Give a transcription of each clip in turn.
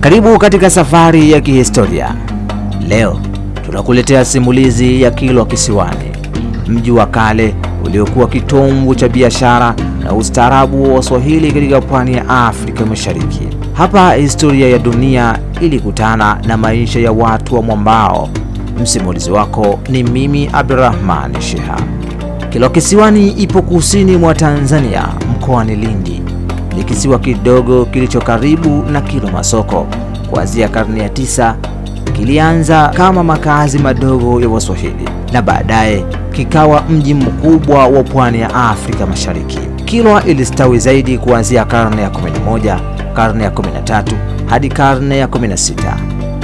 Karibu katika safari ya kihistoria. Leo tunakuletea simulizi ya Kilwa Kisiwani, mji wa kale uliokuwa kitovu cha biashara na ustaarabu wa Waswahili katika pwani ya Afrika Mashariki. Hapa historia ya dunia ilikutana na maisha ya watu wa mwambao. Msimulizi wako ni mimi Abdurrahman Sheha. Kilwa Kisiwani ipo kusini mwa Tanzania, mkoani Lindi ni kisiwa kidogo kilicho karibu na Kilo Masoko. Kuanzia karne ya tisa kilianza kama makazi madogo ya Waswahili na baadaye kikawa mji mkubwa wa pwani ya Afrika Mashariki. Kilwa ilistawi zaidi kuanzia karne ya 11, karne ya 13 hadi karne ya 16.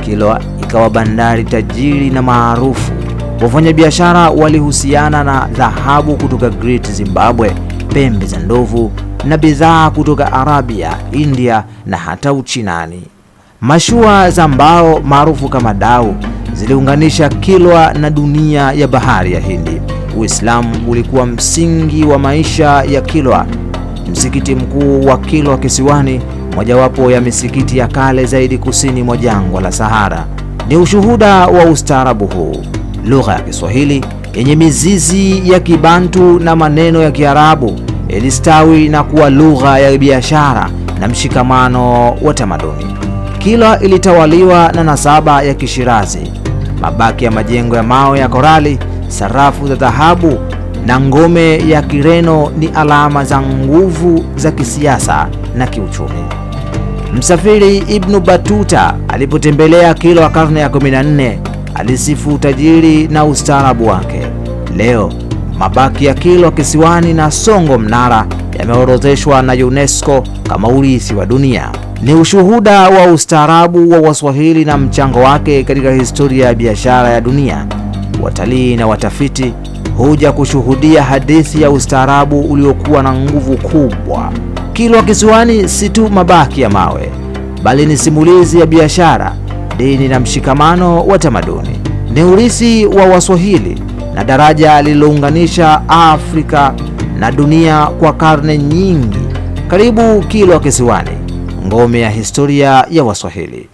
Kilwa ikawa bandari tajiri na maarufu. Wafanyabiashara walihusiana na dhahabu kutoka Great Zimbabwe, pembe za ndovu na bidhaa kutoka Arabia, India na hata Uchinani. Mashua za mbao maarufu kama dau ziliunganisha Kilwa na dunia ya bahari ya Hindi. Uislamu ulikuwa msingi wa maisha ya Kilwa. Msikiti mkuu wa Kilwa Kisiwani, mojawapo ya misikiti ya kale zaidi kusini mwa jangwa la Sahara, ni ushuhuda wa ustaarabu huu. Lugha ya Kiswahili yenye mizizi ya Kibantu na maneno ya Kiarabu ilistawi na kuwa lugha ya biashara na mshikamano wa tamaduni. Kila ilitawaliwa na nasaba ya Kishirazi. Mabaki ya majengo ya mawe ya korali, sarafu za dhahabu na ngome ya Kireno ni alama za nguvu za kisiasa na kiuchumi. Msafiri Ibnu Batuta alipotembelea Kilwa karne ya 14 alisifu utajiri na ustaarabu wake. Leo Mabaki ya Kilwa Kisiwani na Songo Mnara yameorodheshwa na UNESCO kama urithi wa dunia. Ni ushuhuda wa ustaarabu wa Waswahili na mchango wake katika historia ya biashara ya dunia. Watalii na watafiti huja kushuhudia hadithi ya ustaarabu uliokuwa na nguvu kubwa. Kilwa Kisiwani si tu mabaki ya mawe, bali ni simulizi ya biashara, dini na mshikamano wa tamaduni. Ni urithi wa Waswahili na daraja lililounganisha Afrika na dunia kwa karne nyingi. Karibu Kilwa Kisiwani, ngome ya historia ya Waswahili.